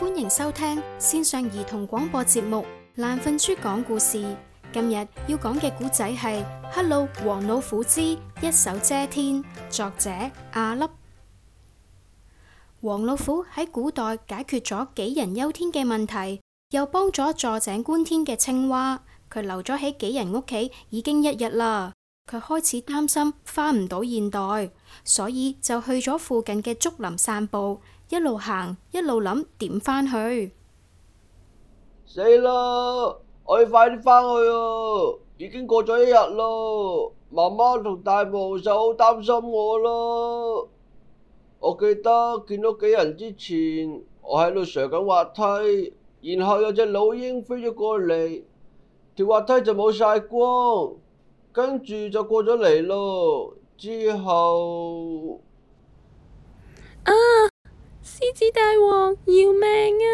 歡迎收聽綫上兒童廣播節目《懶瞓豬講故事》。今日要講嘅古仔係《Hello 王老虎之一手遮天》，作者阿粒。王老虎喺古代解決咗杞人憂天嘅問題，又幫咗坐井觀天嘅青蛙。佢留咗喺杞人屋企已經一日啦，佢開始擔心返唔到現代，所以就去咗附近嘅竹林散步。一路行，一路諗點返去。死咯！我要快啲返去哦、啊。已經過咗一日咯，媽媽同大毛就好擔心我咯。我記得見到杞人之前，我喺度上緊滑梯，然後有隻老鷹飛咗過嚟，條滑梯就冇晒光，跟住就過咗嚟咯。之後，啊獅子大王，要命啊！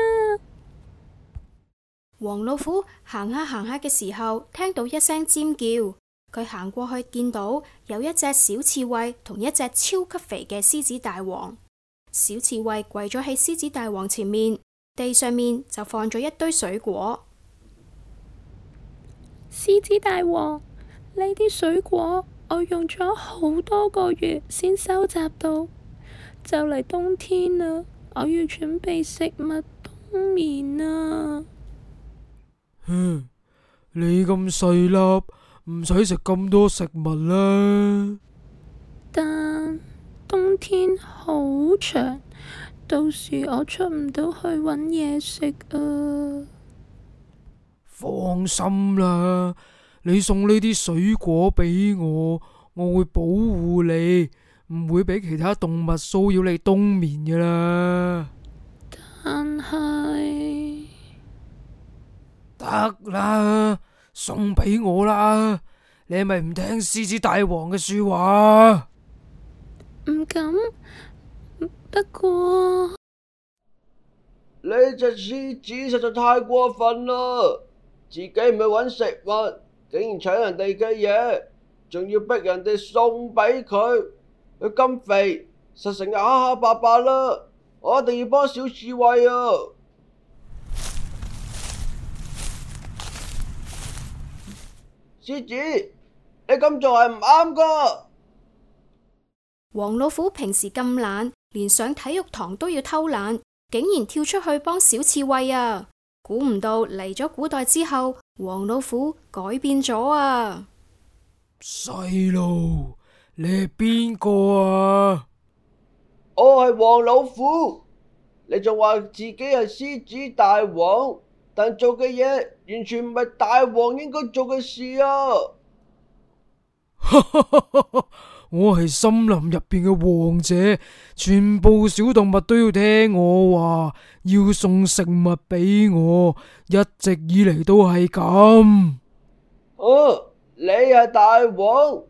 王老虎行下行下嘅時候，聽到一聲尖叫，佢行過去見到有一隻小刺蝟同一隻超級肥嘅獅子大王。小刺蝟跪咗喺獅子大王前面，地上面就放咗一堆水果。獅子大王，呢啲水果我用咗好多個月先收集到。就嚟冬天啦，我要準備食物冬眠啦。哼，你咁細粒，唔使食咁多食物啦。但冬天好長，到時我出唔到去揾嘢食啊。放心啦，你送呢啲水果俾我，我會保護你。唔會畀其他動物騷擾你冬眠㗎啦。但係得啦，送畀我啦，你係咪唔聽獅子大王嘅說話？唔敢，不過呢隻獅子實在太過分啦，自己唔去揾食物，竟然搶人哋嘅嘢，仲要逼人哋送畀佢。佢咁肥，實成日哈哈伯伯啦！我一定要幫小刺蝟啊！獅子，你咁做係唔啱噶！王老虎平時咁懶，連上體育堂都要偷懶，竟然跳出去幫小刺蝟啊！估唔到嚟咗古代之後，王老虎改變咗啊！細路。你係邊個啊？我係王老虎，你仲話自己係獅子大王，但做嘅嘢完全唔係大王應該做嘅事啊！ 我係森林入邊嘅王者，全部小動物都要聽我話，要送食物畀我，一直以嚟都係咁。哦、啊，你係大王。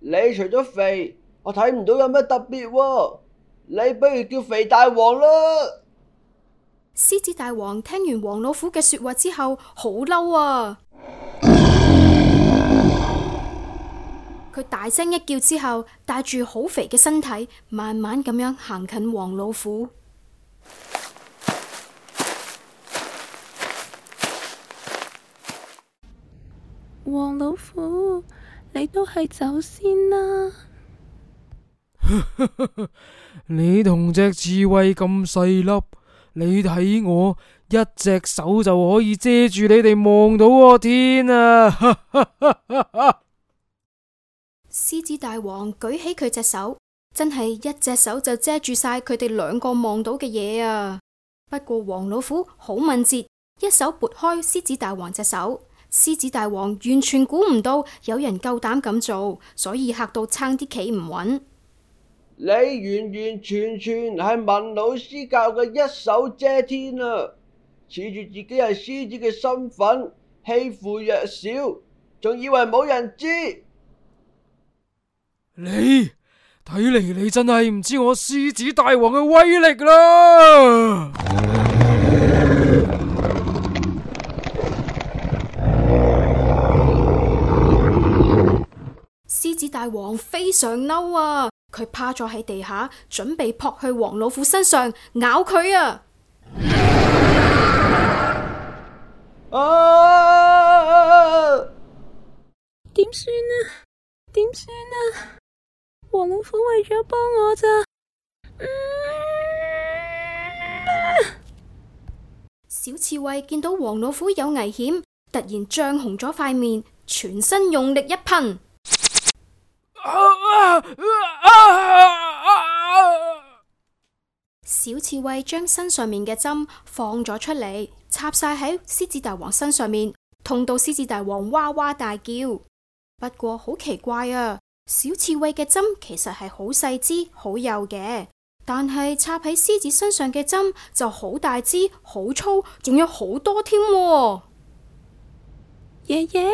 你除咗肥，我睇唔到有咩特別喎、哦。你不如叫肥大王啦。獅子大王聽完王老虎嘅說話之後，好嬲啊！佢 大聲一叫之後，帶住好肥嘅身體，慢慢咁樣行近王老虎。王老虎，你都係走先、啊、啦！ 你同隻刺蝟咁細粒，你睇我一隻手就可以遮住你哋望到個天啊！獅 子大王舉起佢隻手，真係一隻手就遮住晒佢哋兩個望到嘅嘢啊！不過王老虎好敏捷，一手撥開獅子大王隻手。獅子大王完全估唔到有人夠膽咁做，所以嚇到撐啲企唔穩。你完完全全係文老師教嘅一手遮天啊！恃住自己係獅子嘅身份欺負弱小，仲以為冇人知？你睇嚟你真係唔知我獅子大王嘅威力啦！獅子大王非常嬲啊！佢趴咗喺地下，準備撲去王老虎身上咬佢啊，啊，啊，啊、嗯！啊！點算啊？點算啊？王老虎為咗幫我咋？小刺蝟見到王老虎有危險，突然漲紅咗塊面，全身用力一噴。小刺蝟將身上面嘅針放咗出嚟，插晒喺獅子大王身上面，痛到獅子大王哇哇大叫。不過好奇怪啊，小刺蝟嘅針其實係好細支、好幼嘅，但係插喺獅子身上嘅針就好大支、好粗，仲有好多添喎。爺爺，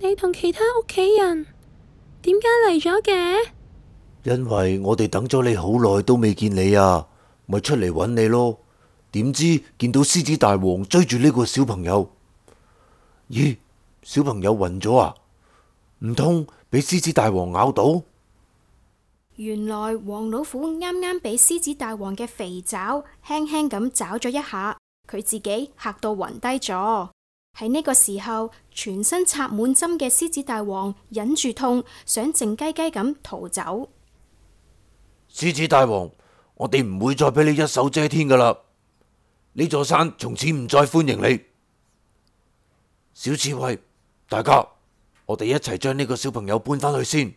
你同其他屋企人？點解嚟咗嘅？因為我哋等咗你好耐都未見你啊，咪出嚟揾你咯。點知見到獅子大王追住呢個小朋友。咦，小朋友暈咗啊？唔通俾獅子大王咬到？原來王老虎啱啱俾獅子大王嘅肥爪輕輕咁爪咗一下，佢自己吓到暈低咗。喺呢個時候，全身插滿針嘅獅子大王忍住痛，想靜雞雞咁逃走。獅子大王，我哋唔會再俾你一手遮天噶啦！呢座山從此唔再歡迎你。小刺蝟，大家，我哋一齊將呢個小朋友搬返去先。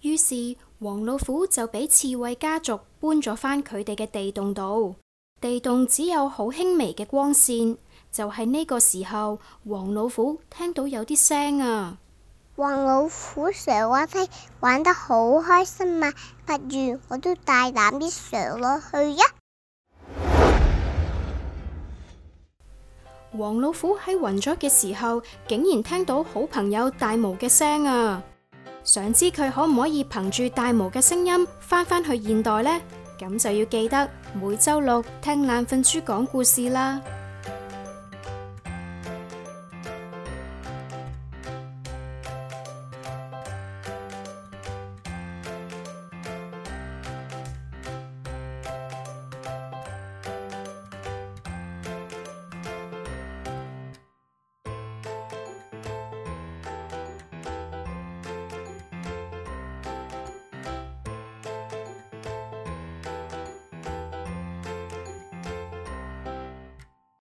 於是，王老虎就俾刺蝟家族搬咗返佢哋嘅地洞度。地洞只有好輕微嘅光線。就係呢個時候，王老虎聽到有啲聲啊！王老虎上我聽，玩得好開心啊，不如我都大膽啲上落去啊。王老虎喺暈咗嘅時候，竟然聽到好朋友大毛嘅聲啊！想知佢可唔可以憑住大毛嘅聲音翻返去現代呢？咁就要記得每周六聽懶瞓豬講故事啦！